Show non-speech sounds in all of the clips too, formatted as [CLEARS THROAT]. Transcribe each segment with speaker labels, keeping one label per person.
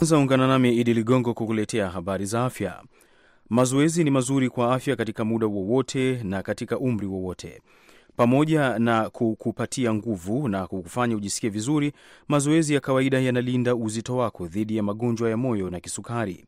Speaker 1: anza ungana nami Idi Ligongo kukuletea habari za afya. Mazoezi ni mazuri kwa afya katika muda wowote na katika umri wowote. Pamoja na kukupatia nguvu na kukufanya ujisikie vizuri, mazoezi ya kawaida yanalinda uzito wako dhidi ya magonjwa ya moyo na kisukari.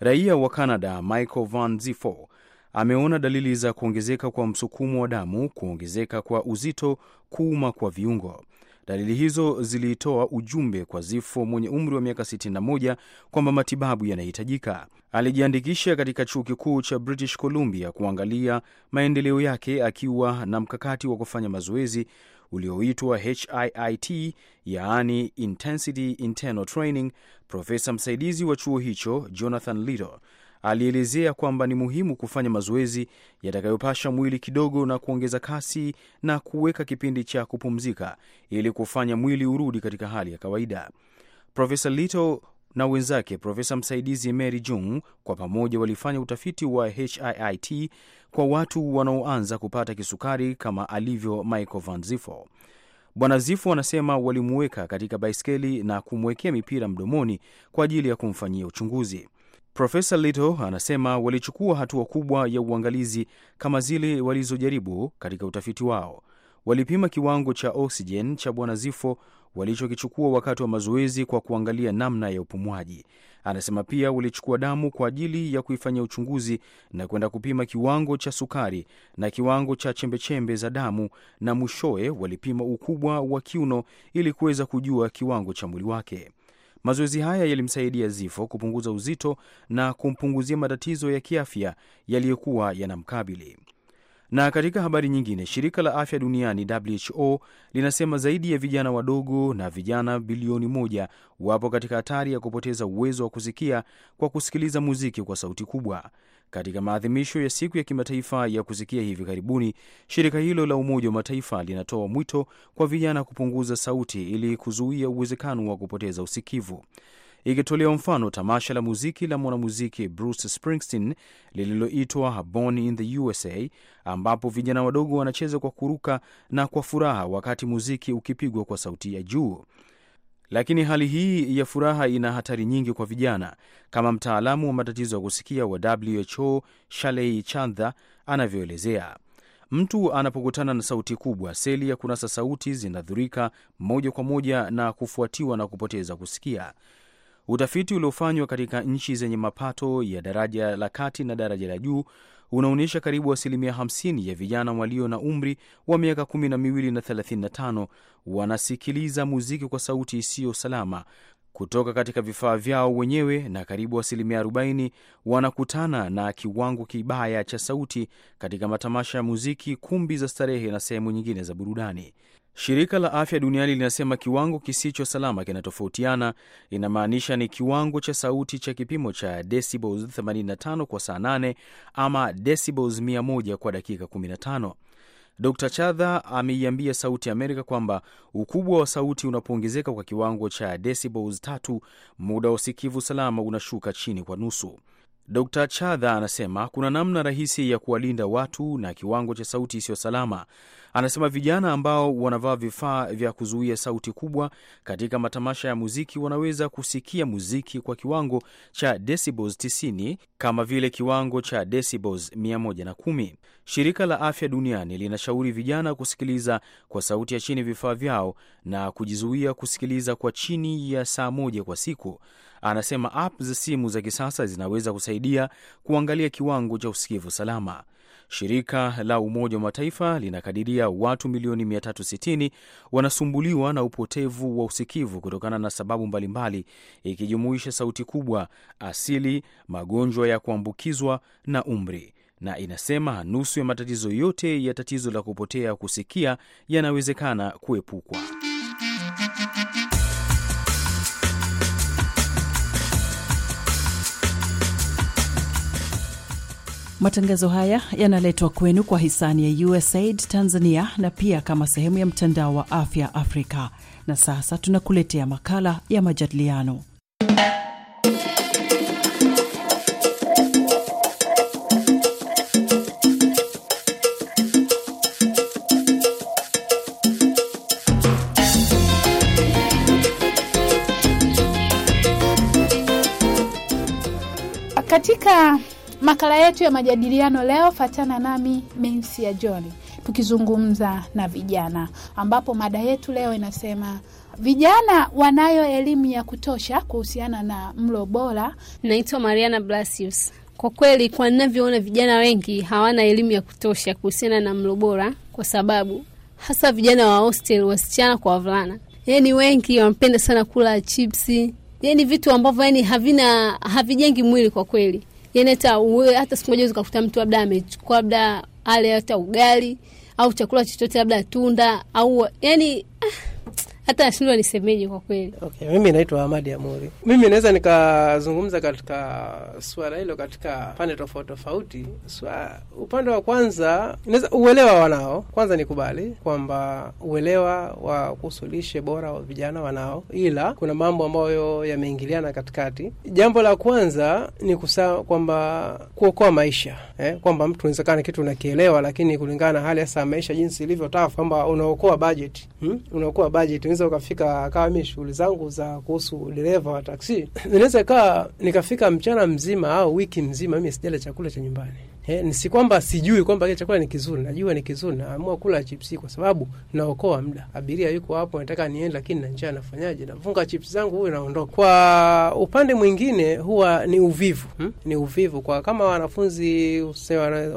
Speaker 1: Raia wa Canada Michael Van Zifo ameona dalili za kuongezeka kwa msukumo wa damu, kuongezeka kwa uzito, kuuma kwa viungo. Dalili hizo zilitoa ujumbe kwa Zifo mwenye umri wa miaka 61 kwamba matibabu yanahitajika. Alijiandikisha katika chuo kikuu cha British Columbia kuangalia maendeleo yake akiwa na mkakati wa kufanya mazoezi ulioitwa HIIT, yaani intensity internal training. Profesa msaidizi wa chuo hicho Jonathan Little alielezea kwamba ni muhimu kufanya mazoezi yatakayopasha mwili kidogo na kuongeza kasi na kuweka kipindi cha kupumzika ili kufanya mwili urudi katika hali ya kawaida. Profesa Lito na wenzake profesa msaidizi Mary Jung kwa pamoja walifanya utafiti wa HIIT kwa watu wanaoanza kupata kisukari kama alivyo Michael Van Zifo. Bwana Zifo anasema walimuweka katika baiskeli na kumwekea mipira mdomoni kwa ajili ya kumfanyia uchunguzi. Profesa lito anasema walichukua hatua kubwa ya uangalizi kama zile walizojaribu katika utafiti wao. Walipima kiwango cha oksijen cha Bwana Zifo walichokichukua wakati wa mazoezi kwa kuangalia namna ya upumwaji Anasema pia walichukua damu kwa ajili ya kuifanya uchunguzi na kwenda kupima kiwango cha sukari na kiwango cha chembechembe za damu, na mwishowe walipima ukubwa wa kiuno ili kuweza kujua kiwango cha mwili wake. Mazoezi haya yalimsaidia Zifo kupunguza uzito na kumpunguzia matatizo ya kiafya yaliyokuwa yanamkabili. Na katika habari nyingine, shirika la afya duniani WHO linasema zaidi ya vijana wadogo na vijana bilioni moja wapo katika hatari ya kupoteza uwezo wa kusikia kwa kusikiliza muziki kwa sauti kubwa. Katika maadhimisho ya siku ya kimataifa ya kusikia hivi karibuni, shirika hilo la Umoja wa Mataifa linatoa mwito kwa vijana kupunguza sauti ili kuzuia uwezekano wa kupoteza usikivu. ikitolewa mfano tamasha la muziki la mwanamuziki Bruce Springsteen lililoitwa Born in the USA, ambapo vijana wadogo wanacheza kwa kuruka na kwa furaha wakati muziki ukipigwa kwa sauti ya juu. Lakini hali hii ya furaha ina hatari nyingi kwa vijana, kama mtaalamu wa matatizo ya kusikia wa WHO Shalei Chandha anavyoelezea. Mtu anapokutana na sauti kubwa, seli ya kunasa sauti zinadhurika moja kwa moja na kufuatiwa na kupoteza kusikia. Utafiti uliofanywa katika nchi zenye mapato ya daraja la kati na daraja la juu unaonyesha karibu asilimia 50 ya vijana walio na umri wa miaka 12 na 35 wanasikiliza muziki kwa sauti isiyo salama kutoka katika vifaa vyao wenyewe na karibu asilimia 40 wanakutana na kiwango kibaya cha sauti katika matamasha ya muziki, kumbi za starehe na sehemu nyingine za burudani. Shirika la Afya Duniani linasema kiwango kisicho salama kinatofautiana, inamaanisha ni kiwango cha sauti cha kipimo cha decibels 85 kwa saa 8 ama decibels 100 kwa dakika 15. Dr. Chadha ameiambia Sauti ya Amerika kwamba ukubwa wa sauti unapoongezeka kwa kiwango cha decibels tatu, muda wa usikivu salama unashuka chini kwa nusu. Dr. Chadha anasema kuna namna rahisi ya kuwalinda watu na kiwango cha sauti isiyo salama. Anasema vijana ambao wanavaa vifaa vya kuzuia sauti kubwa katika matamasha ya muziki wanaweza kusikia muziki kwa kiwango cha decibels 90 kama vile kiwango cha decibels 110. Shirika la Afya Duniani linashauri vijana kusikiliza kwa sauti ya chini vifaa vyao na kujizuia kusikiliza kwa chini ya saa moja kwa siku. Anasema app za simu za kisasa zinaweza kusaidia kuangalia kiwango cha usikivu salama. Shirika la Umoja wa Mataifa linakadiria watu milioni 360 wanasumbuliwa na upotevu wa usikivu kutokana na sababu mbalimbali, ikijumuisha sauti kubwa, asili, magonjwa ya kuambukizwa na umri na inasema nusu ya matatizo yote ya tatizo la kupotea kusikia yanawezekana kuepukwa.
Speaker 2: Matangazo haya yanaletwa kwenu kwa hisani ya USAID Tanzania na pia kama sehemu ya mtandao wa afya Afrika. Na sasa tunakuletea makala ya majadiliano
Speaker 3: Katika makala yetu ya majadiliano leo, fatana nami Mensi ya John tukizungumza na vijana, ambapo mada yetu leo inasema vijana wanayo elimu ya kutosha kuhusiana na mlo bora. Naitwa Mariana Blasius. Kwa kweli, kwa ninavyoona, vijana wengi hawana elimu ya kutosha kuhusiana na mlo bora, kwa sababu hasa vijana wa hostel, wasichana kwa wavulana, yaani wengi wanapenda sana kula chipsi yani vitu ambavyo yani havina havijengi mwili kwa kweli. Yani hata hata siku moja ukakuta mtu labda amechukua labda ale hata ugali au chakula chochote labda tunda au yani ah, hata nashindwa nisemeje kwa kweli. Okay,
Speaker 4: mimi naitwa Amadi Amuri. Mimi naweza nikazungumza katika suala hilo katika pande tofauti tofauti. Upande wa kwanza naweza uelewa wanao, kwanza nikubali kwamba uelewa wa kusulishe bora wa vijana wanao, ila kuna mambo ambayo yameingiliana katikati. Jambo la kwanza ni kusaa kwamba kuokoa maisha eh, kwamba mtu unawezekana kitu unakielewa, lakini kulingana na hali hasa maisha jinsi ilivyo tafu, kwamba unaokoa bajeti hmm? unaokoa bajeti naweza ukafika kawa mi shughuli zangu za kuhusu udereva wa taksi, naweza ikawa nikafika mchana mzima au wiki mzima, mi sijala chakula cha nyumbani si kwamba sijui kwamba kile chakula ni kizuri, najua ni kizuri, naamua kula chipsi kwa sababu naokoa muda. Abiria yuko hapo, nataka niende, lakini na njia nafanyaje? Nafunga chipsi zangu, huyu naondoka. Kwa upande mwingine huwa ni uvivu hmm? Ni uvivu kwa kama wanafunzi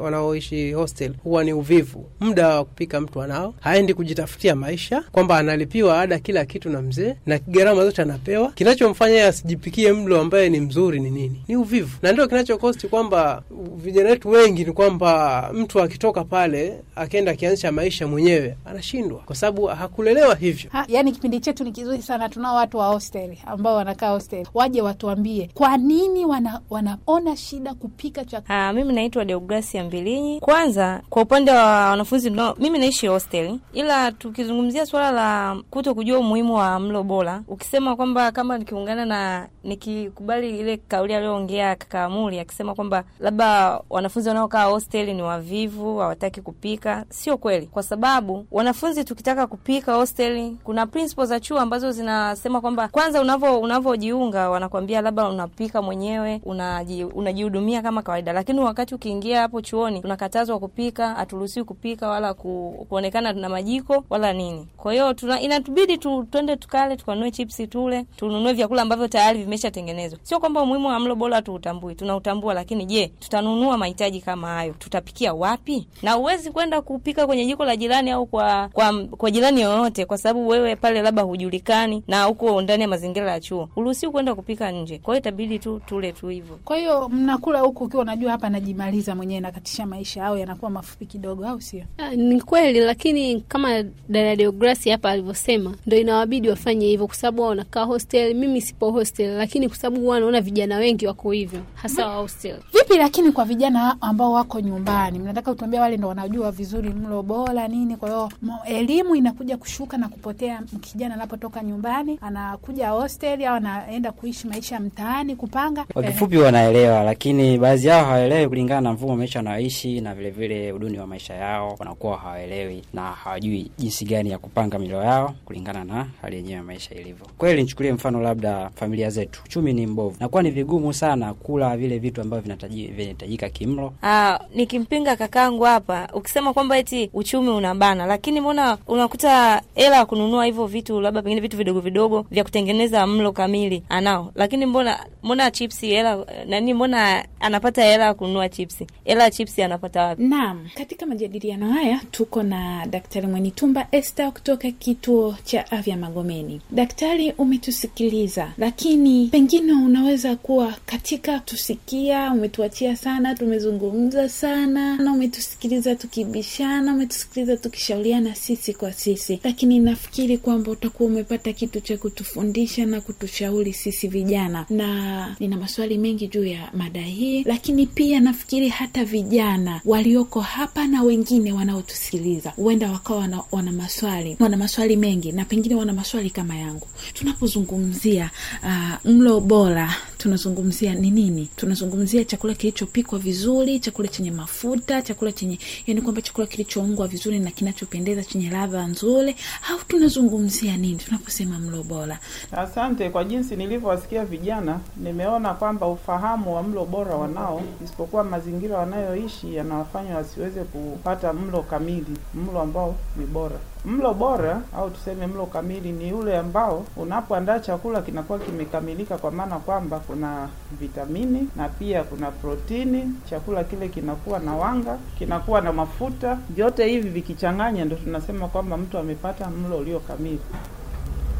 Speaker 4: wanaoishi hostel, huwa ni uvivu. Muda wa kupika mtu anao, haendi kujitafutia maisha, kwamba analipiwa ada kila kitu na mzee na gharama zote anapewa. Kinachomfanya asijipikie mlo ambaye ni mzuri ni nini? Ni uvivu, na ndio kinachokosti kwamba vijana wetu wengi ni kwamba mtu akitoka pale akenda akianzisha maisha mwenyewe anashindwa, kwa sababu hakulelewa
Speaker 5: hivyo
Speaker 3: ha. Yani kipindi chetu ni kizuri sana, tunao watu wa hostel ambao wanakaa hostel waje
Speaker 5: watuambie
Speaker 3: kwa nini wana, wanaona shida kupika chakula.
Speaker 5: Ha, ah, mimi naitwa ya Mbilinyi. Kwanza kwa upande wa wanafunzi no, mimi naishi hostel ila tukizungumzia swala la kuto kujua umuhimu wa mlo bora, ukisema kwamba kama nikiungana na nikikubali ile kauli aliyoongea kaka akisema kwamba labda wanafunzi wanaokaa hosteli ni wavivu, hawataki kupika. Sio kweli, kwa sababu wanafunzi tukitaka kupika hosteli, kuna principles za chuo ambazo zinasema kwamba kwanza, unavo unavojiunga wanakwambia labda unapika mwenyewe, unaji, unajihudumia kama kawaida, lakini wakati ukiingia hapo chuoni tunakatazwa kupika, haturuhusiwi kupika wala ku, kuonekana na majiko wala nini. Kwa hiyo inatubidi tu, twende tukale tukanunue chipsi tule, tununue vyakula ambavyo tayari vimeshatengenezwa. Sio kwamba umuhimu wa mlo bora tuutambui, tunautambua, lakini je, tutanunua mahitaji mahitaji kama hayo, tutapikia wapi? Na uwezi kwenda kupika kwenye jiko la jirani au kwa kwa, kwa jirani yoyote, kwa sababu wewe pale labda hujulikani na huko ndani ya mazingira ya chuo, uruhusiwi kwenda kupika nje. Kwa hiyo itabidi tu tule tu hivyo.
Speaker 3: Kwa hiyo mnakula huku ukiwa unajua hapa najimaliza mwenyewe, nakatisha maisha au yanakuwa mafupi kidogo, au sio? Ah, ni kweli, lakini kama dada Deograsi hapa alivyosema, ndo inawabidi wafanye hivyo, kwa sababu wao wanakaa hostel. Mimi sipo hostel, lakini kwa sababu wanaona vijana wengi wako hivyo, hasa wa hostel. Vipi lakini kwa vijana ambao wako nyumbani, mnataka utuambia wale ndo wanajua vizuri mlo bora nini. Kwa hiyo elimu inakuja kushuka na kupotea. Kijana anapotoka nyumbani anakuja hostel au anaenda kuishi maisha mtaani kupanga. Kwa kifupi,
Speaker 6: wanaelewa, lakini baadhi yao hawaelewi kulingana na mfumo wa maisha wanaoishi na vilevile uduni wa maisha yao, wanakuwa hawaelewi na hawajui jinsi gani ya kupanga milo yao kulingana na hali yenyewe ya maisha ilivyo. Kweli nichukulie mfano labda familia zetu, uchumi ni mbovu, nakuwa ni vigumu sana kula vile vitu ambavyo vinahitajika kimlo
Speaker 5: Ah, nikimpinga kakangu hapa, ukisema kwamba eti uchumi unabana, lakini mbona unakuta hela ya kununua hivyo vitu, labda pengine vitu vidogo vidogo vya kutengeneza mlo kamili anao, lakini mbona mbona chipsi hela nani, mbona anapata hela ya kununua chipsi? Hela chipsi anapata wapi? Naam,
Speaker 3: katika majadiliano haya tuko na Daktari Mwenitumba Esther kutoka kituo cha afya Magomeni. Daktari, umetusikiliza, lakini pengine unaweza kuwa katika tusikia, umetuachia sana, tumezungu tunazungumza sana na umetusikiliza tukibishana, umetusikiliza tukishauriana sisi kwa sisi, lakini nafikiri kwamba utakuwa umepata kitu cha kutufundisha na kutushauri sisi vijana, na nina maswali mengi juu ya mada hii, lakini pia nafikiri hata vijana walioko hapa na wengine wanaotusikiliza huenda wakawa wana, wana maswali wana maswali mengi na pengine wana maswali kama yangu. Tunapozungumzia uh, mlo bora tunazungumzia ni nini? Tunazungumzia chakula kilichopikwa vizuri asili, chakula chenye mafuta, chakula chenye yani kwamba chakula kilichoungwa vizuri na kinachopendeza chenye ladha nzuri, au
Speaker 7: tunazungumzia nini tunaposema mlo bora? Asante. Kwa jinsi nilivyowasikia vijana, nimeona kwamba ufahamu wa mlo bora wanao, isipokuwa mazingira wanayoishi yanawafanya wasiweze kupata mlo kamili, mlo ambao ni bora. Mlo bora au tuseme mlo kamili ni ule ambao unapoandaa chakula kinakuwa kimekamilika, kwa maana kwamba kuna vitamini na pia kuna protini, chakula kile kinakuwa na wanga, kinakuwa na mafuta. Vyote hivi vikichanganya, ndo tunasema kwamba mtu amepata mlo ulio kamili.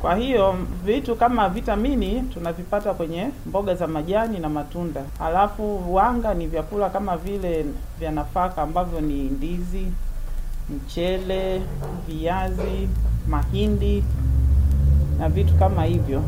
Speaker 7: Kwa hiyo vitu kama vitamini tunavipata kwenye mboga za majani na matunda, alafu wanga ni vyakula kama vile vya nafaka ambavyo ni ndizi mchele, viazi, mahindi na vitu kama hivyo,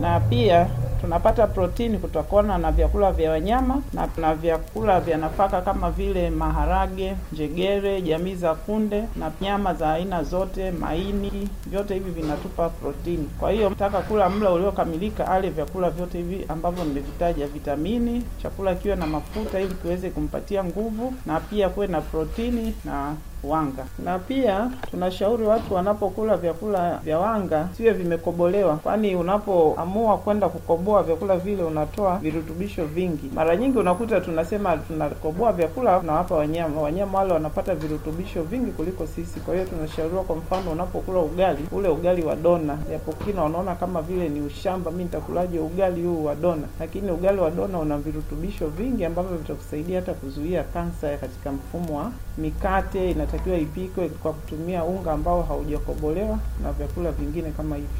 Speaker 7: na pia tunapata protini kutokana na vyakula vya wanyama na na vyakula vya nafaka kama vile maharage, njegere, jamii za kunde na nyama za aina zote, maini, vyote hivi vinatupa protini. Kwa hiyo mtaka kula mlo uliokamilika, ale vyakula vyote hivi ambavyo nimevitaja, vitamini, chakula kiwe na mafuta ili kiweze kumpatia nguvu, na pia kuwe na protini na wanga. Na pia tunashauri watu wanapokula vyakula vya wanga siwe vimekobolewa, kwani unapoamua kwenda kukoboa vyakula vile unatoa virutubisho vingi. Mara nyingi unakuta tunasema tunakoboa vyakula tunawapa wanyama, wanyama wale wanapata virutubisho vingi kuliko sisi. Kwa hiyo tunashauriwa, kwa mfano, unapokula ugali, ule ugali wa dona, japokina wanaona kama vile ni ushamba, mi nitakulaje ugali huu wa dona, lakini ugali wa dona una virutubisho vingi ambavyo vitakusaidia hata kuzuia kansa katika mfumo wa mikate ina inatakiwa ipikwe kwa kutumia unga ambao haujakobolewa na vyakula vingine kama hivyo.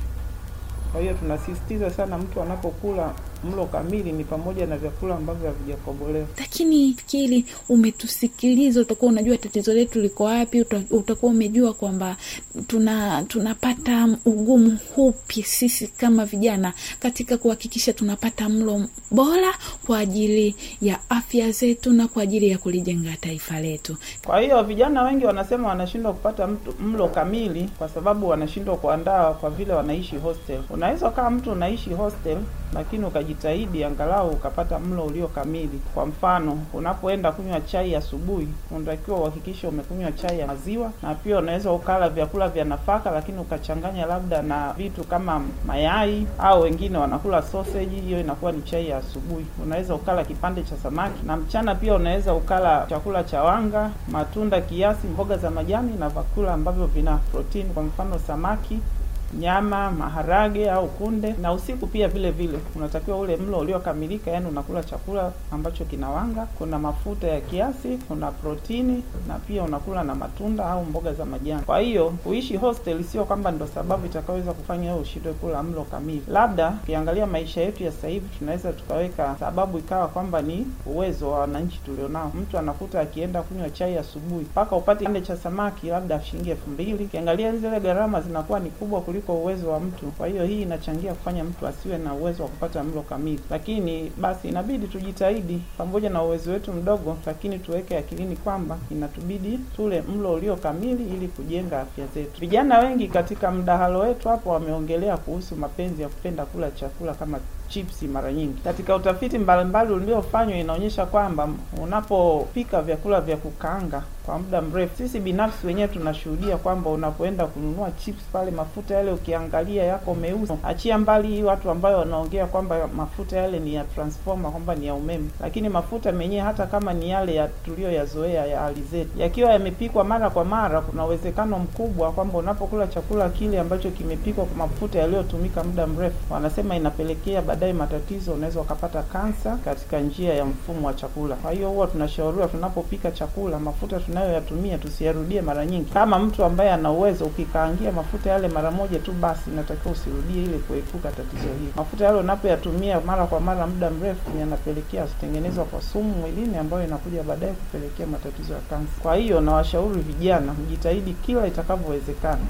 Speaker 7: Kwa hiyo tunasisitiza sana mtu anapokula mlo kamili ni pamoja na vyakula ambavyo havijakobolewa.
Speaker 3: Lakini fikiri umetusikiliza, utakuwa unajua tatizo letu liko wapi, utakuwa umejua kwamba tuna tunapata ugumu hupi sisi kama vijana katika kuhakikisha tunapata mlo bora kwa ajili ya afya zetu na kwa ajili ya kulijenga taifa letu.
Speaker 7: Kwa hiyo vijana wengi wanasema wanashindwa kupata mtu, mlo kamili kwa sababu wanashindwa kuandaa kwa vile wanaishi hostel. Unaweza ukawa mtu unaishi hostel lakini ukaji unajitahidi angalau ukapata mlo ulio kamili. Kwa mfano, unapoenda kunywa chai asubuhi, unatakiwa uhakikishe umekunywa chai ya maziwa, na pia unaweza ukala vyakula vya nafaka, lakini ukachanganya labda na vitu kama mayai au wengine wanakula sausage, hiyo inakuwa ni chai ya asubuhi. Unaweza ukala kipande cha samaki, na mchana pia unaweza ukala chakula cha wanga, matunda kiasi, mboga za majani na vyakula ambavyo vina protini, kwa mfano samaki nyama, maharage au kunde, na usiku pia vile vile unatakiwa ule mlo uliokamilika, yani unakula chakula ambacho kina wanga, kuna mafuta ya kiasi, kuna protini na pia unakula na matunda au mboga za majani. Kwa hiyo kuishi hostel sio kwamba ndo sababu itakayoweza kufanya wewe ushindwe kula mlo kamili. Labda ukiangalia maisha yetu ya sasa hivi, tunaweza tukaweka sababu ikawa kwamba ni uwezo wa wananchi tulionao. Mtu anakuta akienda kunywa chai asubuhi, mpaka upate kipande cha samaki labda shilingi elfu mbili. Ukiangalia zile gharama zinakuwa ni kubwa kuliko kuliko uwezo wa mtu. Kwa hiyo hii inachangia kufanya mtu asiwe na uwezo wa kupata mlo kamili, lakini basi inabidi tujitahidi pamoja na uwezo wetu mdogo, lakini tuweke akilini kwamba inatubidi tule mlo ulio kamili ili kujenga afya zetu. Vijana wengi katika mdahalo wetu hapo wameongelea kuhusu mapenzi ya kupenda kula chakula kama chipsi mara nyingi. Katika utafiti mbalimbali uliofanywa, inaonyesha kwamba unapopika vyakula vya kukaanga kwa muda mrefu. Sisi binafsi wenyewe tunashuhudia kwamba unapoenda kununua chips pale, mafuta yale ukiangalia yako meusi, achia mbali hii watu ambayo wanaongea kwamba mafuta yale ni ya transformer, kwamba ni ya umeme, lakini mafuta menyewe hata kama ni yale ya tuliyoyazoea ya alizeti, yakiwa yamepikwa mara kwa mara, kuna uwezekano mkubwa kwamba unapokula chakula kile ambacho kimepikwa kwa mafuta yaliyotumika muda mrefu, wanasema inapelekea baadaye matatizo, unaweza ukapata kansa katika njia ya mfumo wa chakula. Kwa hiyo huwa tunashauriwa tunapopika chakula mafuta tuna tunayoyatumia tusiyarudie mara nyingi. Kama mtu ambaye ana uwezo, ukikaangia mafuta yale mara moja tu, basi inatakiwa usirudie ili kuepuka tatizo hili. Mafuta yale unapoyatumia mara kwa mara muda mrefu, yanapelekea kutengenezwa kwa sumu mwilini, ambayo inakuja baadaye kupelekea matatizo ya kansa. Kwa hiyo nawashauri vijana, mjitahidi kila itakavyowezekana,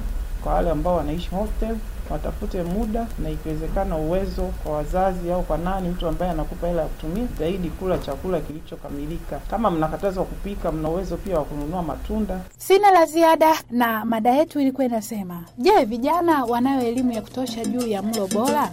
Speaker 7: kwa wale ambao wanaishi hostel watafute muda na ikiwezekana uwezo kwa wazazi au kwa nani, mtu ambaye anakupa hela ya kutumia, zaidi kula chakula kilichokamilika. Kama mnakatazwa kupika, mna uwezo pia wa kununua matunda.
Speaker 3: Sina la ziada, na mada yetu ilikuwa inasema, je, vijana wanayo elimu ya kutosha juu ya mlo bora?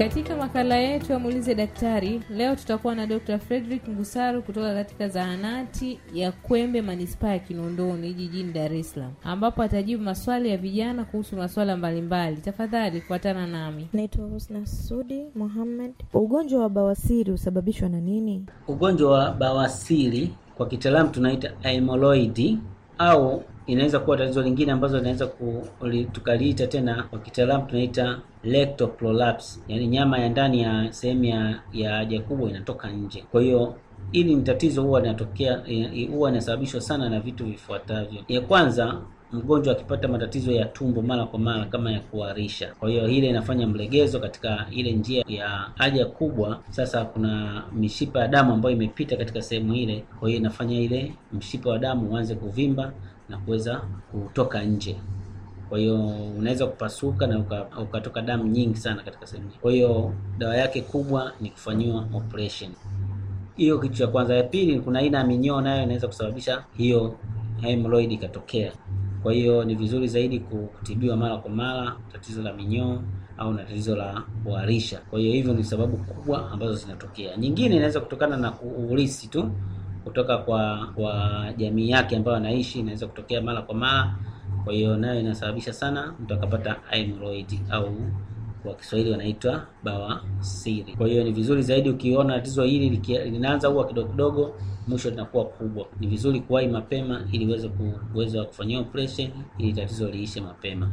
Speaker 5: Katika makala yetu ya muulize daktari leo tutakuwa na Dr. Frederick Ngusaru kutoka katika zahanati ya Kwembe manispaa ya Kinondoni jijini Dar es Salaam, ambapo atajibu maswali ya vijana kuhusu masuala mbalimbali. Tafadhali kufuatana nami. Naitwa Husna Sudi Mohamed. Ugonjwa wa bawasiri husababishwa na nini?
Speaker 8: Ugonjwa wa bawasiri kwa kitaalamu tunaita amyloid au inaweza kuwa tatizo lingine ambazo linaweza tukaliita tena kwa kitaalamu tunaita rectal prolapse, yani nyama ya ndani ya sehemu ya ya haja kubwa inatoka nje. Kwa hiyo hili ni tatizo huwa linatokea, e, e, huwa inasababishwa sana na vitu vifuatavyo. Ya kwanza mgonjwa akipata matatizo ya tumbo mara kwa mara kama ya kuharisha, kwa hiyo ile inafanya mlegezo katika ile njia ya haja kubwa. Sasa kuna mishipa ya damu ambayo imepita katika sehemu ile, kwa hiyo inafanya ile mshipa wa damu uanze kuvimba na kuweza kutoka nje. Kwa hiyo unaweza kupasuka na ukatoka damu nyingi sana katika sehemu. Kwa hiyo dawa yake kubwa ni kufanyiwa operation. Hiyo kitu cha kwanza. Ya pili, kuna aina ya minyoo nayo inaweza kusababisha hiyo hemorrhoid ikatokea. Kwa hiyo ni vizuri zaidi kutibiwa mara kwa mara tatizo la minyoo au na tatizo la kuharisha. Kwa hiyo hivyo ni sababu kubwa ambazo zinatokea. Nyingine inaweza kutokana na kuulisi tu kutoka kwa kwa jamii yake ambayo anaishi, inaweza kutokea mara kwa mara. Kwa hiyo nayo inasababisha sana mtu akapata hemorrhoid au kwa Kiswahili wanaitwa bawa siri. Kwa hiyo ni vizuri zaidi ukiona tatizo hili linaanza huwa kidogo kidogo, mwisho linakuwa kubwa, ni vizuri kuwahi mapema ili uweze kuweza kufanyia operation ili tatizo liishe mapema.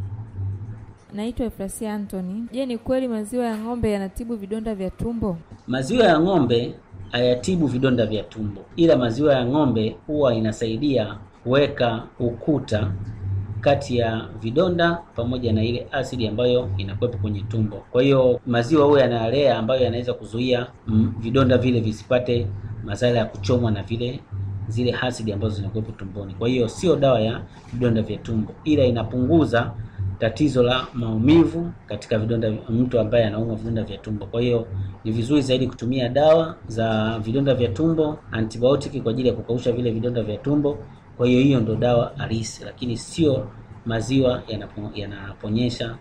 Speaker 5: Naitwa Efrasia Anthony. Je, ni kweli maziwa ya ng'ombe yanatibu vidonda vya tumbo?
Speaker 8: Maziwa ya ng'ombe hayatibu vidonda vya tumbo, ila maziwa ya ng'ombe huwa inasaidia kuweka ukuta kati ya vidonda pamoja na ile asidi ambayo inakuwepo kwenye tumbo. Kwa hiyo maziwa huwa yanalea ambayo yanaweza kuzuia mm, vidonda vile visipate madhara ya kuchomwa na vile zile asidi ambazo zinakuwepo tumboni. Kwa hiyo sio dawa ya vidonda vya tumbo, ila inapunguza tatizo la maumivu katika vidonda, mtu ambaye anaumwa vidonda vya tumbo. Kwa hiyo ni vizuri zaidi kutumia dawa za vidonda vya tumbo, antibiotic kwa ajili ya kukausha vile vidonda vya tumbo. Kwa hiyo hiyo ndo dawa halisi, lakini sio maziwa yanaponyesha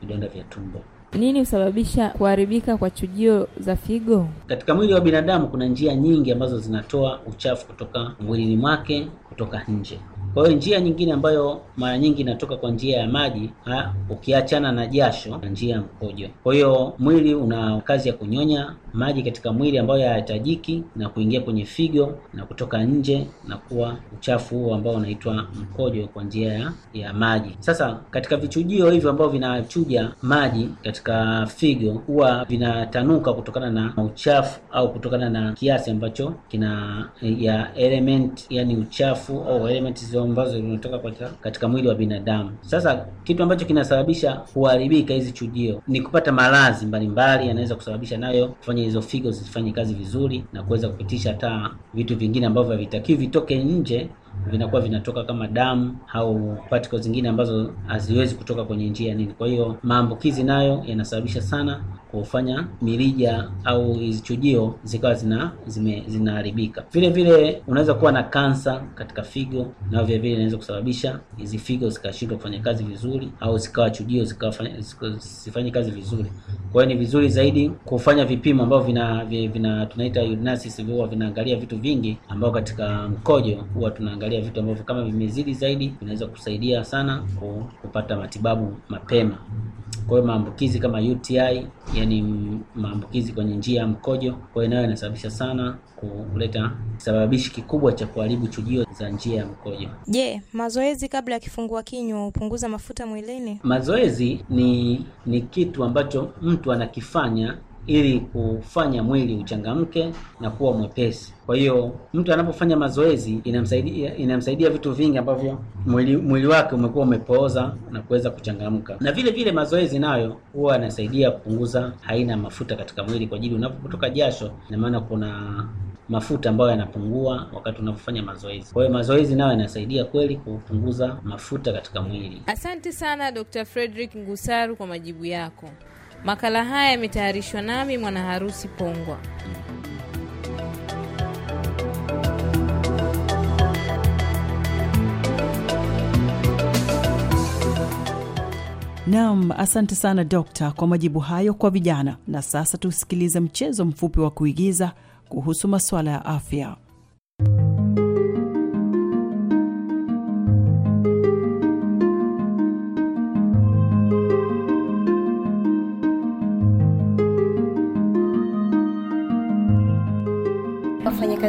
Speaker 8: vidonda vya tumbo.
Speaker 5: Nini husababisha kuharibika kwa chujio za figo?
Speaker 8: Katika mwili wa binadamu kuna njia nyingi ambazo zinatoa uchafu kutoka mwilini mwake kutoka nje. Kwa hiyo njia nyingine ambayo mara nyingi inatoka kwa njia ya maji ha, ukiachana na jasho na njia ya mkojo. Kwa hiyo mwili una kazi ya kunyonya maji katika mwili ambayo hayahitajiki na kuingia kwenye figo na kutoka nje na kuwa uchafu huo ambao unaitwa mkojo kwa njia ya, ya maji. Sasa katika vichujio hivyo ambavyo vinachuja maji katika figo huwa vinatanuka kutokana na uchafu au kutokana na kiasi ambacho kina ya element yani uchafu au elements ambazo zinatoka katika mwili wa binadamu. Sasa kitu ambacho kinasababisha kuharibika hizi chujio ni kupata maradhi mbalimbali, yanaweza kusababisha nayo kufanya kufanya hizo figo zifanye kazi vizuri na kuweza kupitisha hata vitu vingine ambavyo havitakiwi vitoke nje vinakuwa vinatoka kama damu au particles zingine ambazo haziwezi kutoka kwenye njia nini. Kwa hiyo maambukizi nayo yanasababisha sana kufanya mirija au hizi chujio zikawa zina zime, zinaharibika. Vile vile unaweza kuwa na kansa katika figo, na vile vile inaweza kusababisha hizi figo zikashindwa kufanya kazi vizuri, au zikawa chujio zisifanye kazi vizuri. Kwa hiyo ni vizuri zaidi kufanya vipimo ambavyo vina, vina, vina tunaita urinalysis, huwa vinaangalia vitu vingi ambao katika mkojo huwa tuna kuangalia vitu ambavyo kama vimezidi zaidi vinaweza kusaidia sana kupata matibabu mapema. Kwa hiyo maambukizi kama UTI, yani maambukizi kwenye njia ya mkojo, kwa hiyo nayo inasababisha sana kuleta sababishi kikubwa cha kuharibu chujio za njia ya mkojo.
Speaker 5: Je, yeah, mazoezi kabla ya kifungua kinywa hupunguza mafuta mwilini? Mazoezi
Speaker 8: ni ni kitu ambacho mtu anakifanya ili kufanya mwili uchangamke na kuwa mwepesi. Kwa hiyo mtu anapofanya mazoezi inamsaidia inamsaidia vitu vingi ambavyo mwili mwili wake umekuwa umepooza na kuweza kuchangamka. Na vile vile mazoezi nayo huwa yanasaidia kupunguza haina mafuta katika mwili, kwa ajili unapotoka jasho, ina maana kuna mafuta ambayo yanapungua wakati unapofanya mazoezi. Kwa hiyo mazoezi nayo yanasaidia kweli kupunguza mafuta katika mwili.
Speaker 5: Asante sana Dr. Frederick Ngusaru kwa majibu yako. Makala haya yametayarishwa nami mwana harusi Pongwa.
Speaker 2: Naam, asante sana dokta kwa majibu hayo kwa vijana. Na sasa tusikilize mchezo mfupi wa kuigiza kuhusu masuala ya afya.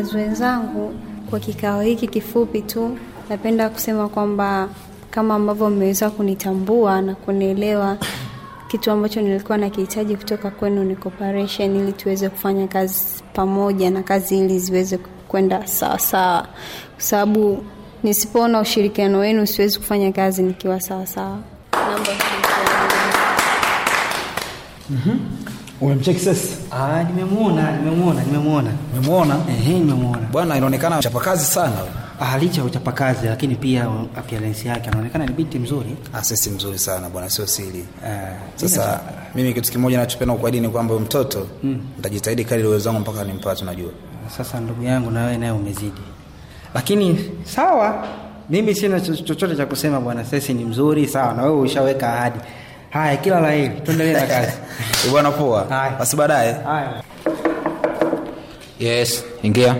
Speaker 9: wafanyakazi wenzangu, kwa kikao hiki kifupi tu, napenda kusema kwamba kama ambavyo mmeweza kunitambua na kunielewa, kitu ambacho nilikuwa nakihitaji kutoka kwenu ni cooperation, ili tuweze kufanya kazi pamoja na kazi ili ziweze kwenda sawasawa, kwa sababu nisipoona ushirikiano wenu siwezi kufanya kazi nikiwa sawasawa. Namba
Speaker 6: mm-hmm. Umemcheki sasa? Ah, nimemuona, nimemuona, nimemuona. Nimemuona? Eh, nimemuona. Bwana inaonekana chapa kazi sana. Ah, licha ya kazi lakini pia appearance yake anaonekana ni binti mzuri. Ah, sisi mzuri sana bwana, sio siri. Ah, sasa nina... mimi kitu kimoja ninachopenda kwa dini kwamba mtoto hmm. nitajitahidi hmm, kadri uwezo wangu mpaka nimpate unajua. Sasa ndugu yangu na wewe naye umezidi. Lakini sawa, mimi sina chochote cha kusema bwana, sisi ni mzuri sawa, na wewe ushaweka ahadi. Haya, kila la heri, tuendelee na kazi [LAUGHS] bwana. Poa, basi baadaye. Haya, yes, ingia.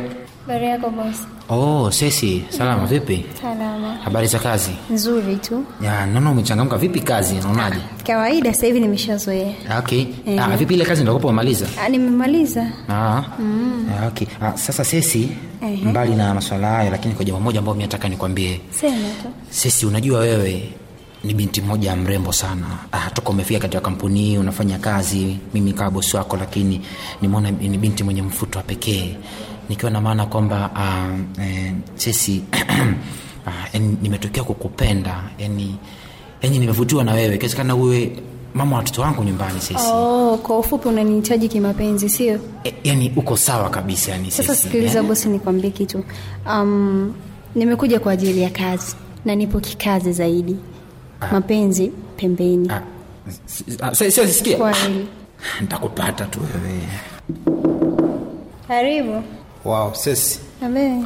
Speaker 9: bari yako bosi?
Speaker 6: Oh, Sesi, salama. Vipi? Salama. Habari za kazi?
Speaker 9: Nzuri tu.
Speaker 6: Ya, naona umechangamka. Vipi kazi, unaonaje?
Speaker 9: Kawaida, sasa hivi nimeshazoea.
Speaker 6: Okay. mm. Ah, vipi ile kazi ndio kwa umemaliza?
Speaker 9: Ah, nimemaliza. Ah. Mm.
Speaker 6: Ah, okay. Ah, sasa Sesi, Ehe. mbali na masuala hayo, lakini kwa jambo moja ambalo mimi nataka nikwambie. Sema tu. Sesi, unajua wewe ni binti mmoja mrembo sana ah, toka umefika katika kampuni hii unafanya kazi mimi kawa bosi wako lakini nimeona ni binti mwenye mfuto wa pekee nikiwa na maana kwamba ah, eh, sisi uh, [CLEARS THROAT] nimetokea kukupenda yani yani nimevutiwa na wewe kiwezekana uwe mama watoto wangu nyumbani sisi
Speaker 9: oh, kwa ufupi unanihitaji kimapenzi sio
Speaker 6: e, yani uko sawa kabisa yani sasa sikiliza yeah. bosi
Speaker 9: nikwambie kitu um, nimekuja kwa ajili ya kazi na nipo kikazi zaidi Ah. mapenzi pembeni. Ah.
Speaker 6: Ah, Sio sikia, nitakupata tu wewe. Karibu. Wow, sisi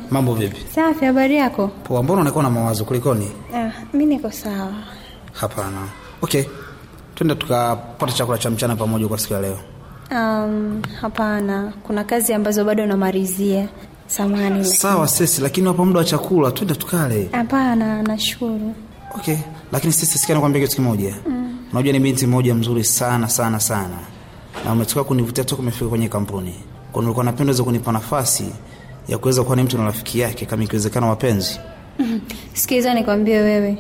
Speaker 6: mambo vipi?
Speaker 9: Safi, habari yako?
Speaker 6: Poa. Mbona unakuwa na mawazo, kulikoni?
Speaker 9: Ah, mi niko sawa.
Speaker 6: Hapana. Okay, twende tukapata chakula cha mchana pamoja kwa siku ya leo.
Speaker 9: Um, hapana, kuna kazi ambazo bado namalizia. Samahani. Sawa
Speaker 6: sisi, lakini wapa muda wa chakula, twende tukale.
Speaker 9: Hapana, nashukuru.
Speaker 6: Okay, lakini sisi sikia nakwambia kitu kimoja. Mm. Unajua ni binti mmoja mzuri sana sana sana. Na umetoka kunivutia toka umefika kwenye kampuni. Kwa nilikuwa napenda za kunipa nafasi ya kuweza kuwa ni mtu na rafiki yake kama ikiwezekana wapenzi.
Speaker 9: Mm. [LAUGHS] Sikiliza nikwambie wewe.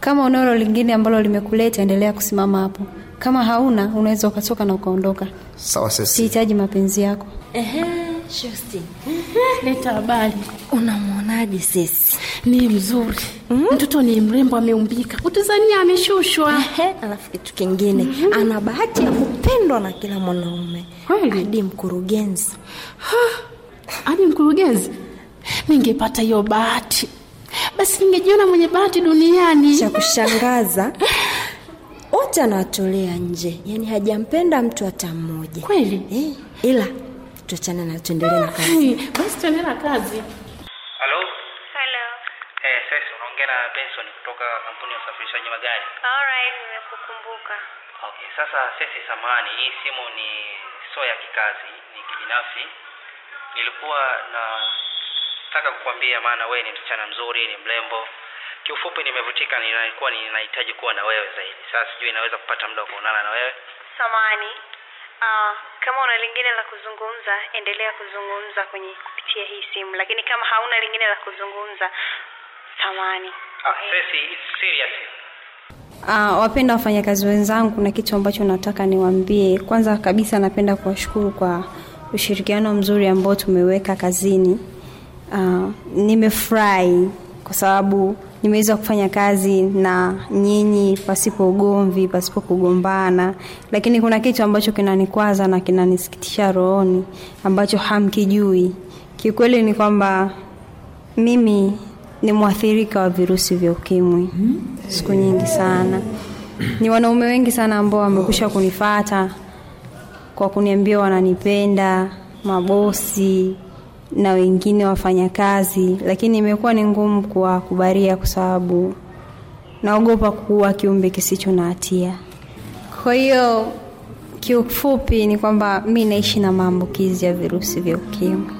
Speaker 9: Kama unalo lingine ambalo limekuleta endelea kusimama hapo. Kama hauna unaweza ukatoka na ukaondoka. Sawa sisi Sihitaji mapenzi yako.
Speaker 10: Ehe leta habari. Unamwonaje sisi?
Speaker 5: Ni mzuri mm -hmm. Mtoto ni mrembo, ameumbika, utazania ameshushwa. Alafu kitu kingine mm -hmm. ana bahati ya kupendwa na kila mwanaume hadi mkurugenzi,
Speaker 10: hadi mkurugenzi. Ningepata hiyo bahati
Speaker 9: basi ningejiona mwenye bahati duniani. Cha kushangaza wote anawatolea nje, yaani hajampenda mtu hata mmoja kweli eh, ila tuachane na tuendelee na kazi. Basi tuendelee na kazi. Halo?
Speaker 6: Hello. Eh, hey, sasa unaongea na Benson kutoka kampuni ya usafirishaji magari.
Speaker 9: All right, nimekukumbuka.
Speaker 6: Okay, sasa sisi samani, hii simu ni sio ya kikazi, ni kibinafsi. Nilikuwa na nataka kukwambia, maana wewe ni msichana mzuri, ni mrembo. Kiufupi nimevutika, nilikuwa ninahitaji kuwa na wewe zaidi. Sasa sijui naweza kupata muda wa kuonana na wewe.
Speaker 9: Samani, Uh, kama una lingine la kuzungumza endelea kuzungumza kwenye kupitia hii simu, lakini kama hauna lingine la kuzungumza samani. Ah, serious. Uh, wapenda wafanyakazi wenzangu, kuna kitu ambacho nataka niwaambie. Kwanza kabisa, napenda kuwashukuru kwa ushirikiano mzuri ambao tumeweka kazini. Uh, nimefurahi kwa sababu nimeweza kufanya kazi na nyinyi pasipo ugomvi, pasipo kugombana, lakini kuna kitu ambacho kinanikwaza na kinanisikitisha rohoni ambacho hamkijui. Kiukweli ni kwamba mimi ni mwathirika wa virusi vya ukimwi siku nyingi sana. Ni wanaume wengi sana ambao wamekusha kunifata kwa kuniambia wananipenda, mabosi na wengine wafanyakazi, lakini imekuwa ni ngumu kuwakubalia kwa sababu naogopa kuwa kiumbe kisicho na hatia. Kwa hiyo kiufupi ni kwamba mi naishi na maambukizi ya virusi vya ukimwi.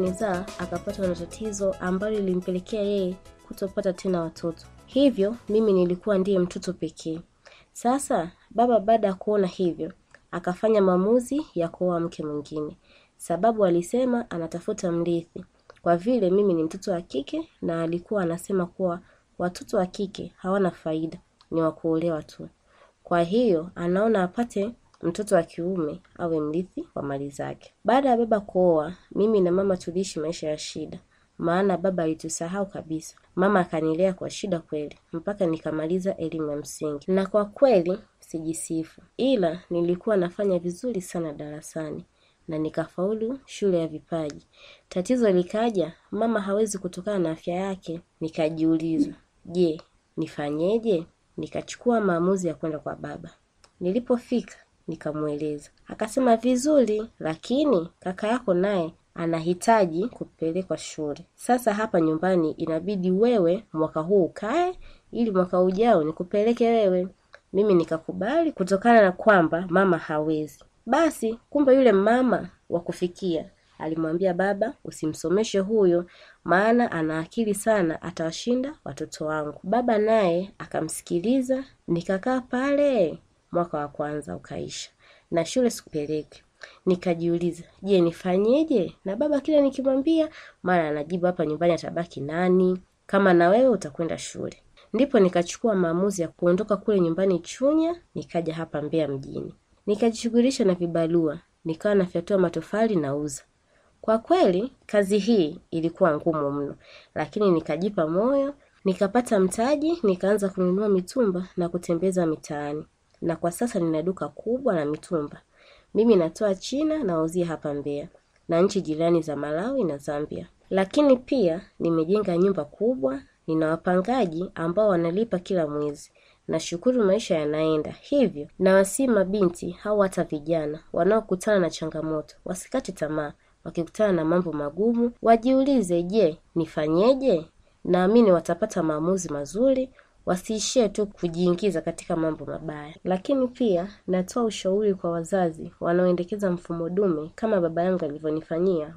Speaker 10: Nizar akapatwa na tatizo ambalo lilimpelekea yeye kutopata tena watoto, hivyo mimi nilikuwa ndiye mtoto pekee. Sasa baba baada ya kuona hivyo akafanya maamuzi ya kuoa mke mwingine, sababu alisema anatafuta mrithi, kwa vile mimi ni mtoto wa kike, na alikuwa anasema kuwa watoto wa kike hawana faida, ni wa kuolewa tu. Kwa hiyo anaona apate mtoto wa kiume awe mrithi wa mali zake. Baada ya baba kuoa, mimi na mama tuliishi maisha ya shida, maana baba alitusahau kabisa. Mama akanilea kwa shida kweli, mpaka nikamaliza elimu ya msingi, na kwa kweli sijisifu, ila nilikuwa nafanya vizuri sana darasani na nikafaulu shule ya vipaji. Tatizo likaja, mama hawezi kutokana na afya yake. Nikajiuliza, je, nifanyeje? Nikachukua maamuzi ya kwenda kwa baba. Nilipofika Nikamweleza. Akasema vizuri, lakini kaka yako naye anahitaji kupelekwa shule. Sasa hapa nyumbani inabidi wewe mwaka huu ukae, ili mwaka ujao nikupeleke wewe. Mimi nikakubali kutokana na kwamba mama hawezi. Basi kumbe yule mama wa kufikia alimwambia baba, usimsomeshe huyo, maana ana akili sana, atawashinda watoto wangu. Baba naye akamsikiliza, nikakaa pale mwaka wa kwanza ukaisha na shule sikupeleke Nikajiuliza, je, nifanyeje? Na baba kila nikimwambia, mara anajibu hapa nyumbani atabaki nani kama na wewe utakwenda shule. Ndipo nikachukua maamuzi ya kuondoka kule nyumbani Chunya, nikaja hapa mbea mjini, nikajishughulisha na vibarua, nikawa nafyatua matofali nauza. Kwa kweli kazi hii ilikuwa ngumu mno, lakini nikajipa moyo, nikapata mtaji, nikaanza kununua mitumba na kutembeza mitaani na kwa sasa nina duka kubwa la mitumba. Mimi natoa China nawauzia hapa Mbeya na nchi jirani za Malawi na Zambia, lakini pia nimejenga nyumba kubwa, nina wapangaji ambao wanalipa kila mwezi. Nashukuru maisha yanaenda hivyo, na mabinti au hata vijana wanaokutana na changamoto wasikate tamaa. Wakikutana na mambo magumu wajiulize, je, nifanyeje? Naamini watapata maamuzi mazuri wasiishie tu kujiingiza katika mambo mabaya. Lakini pia natoa ushauri kwa wazazi wanaoendekeza mfumo dume kama baba yangu alivyonifanyia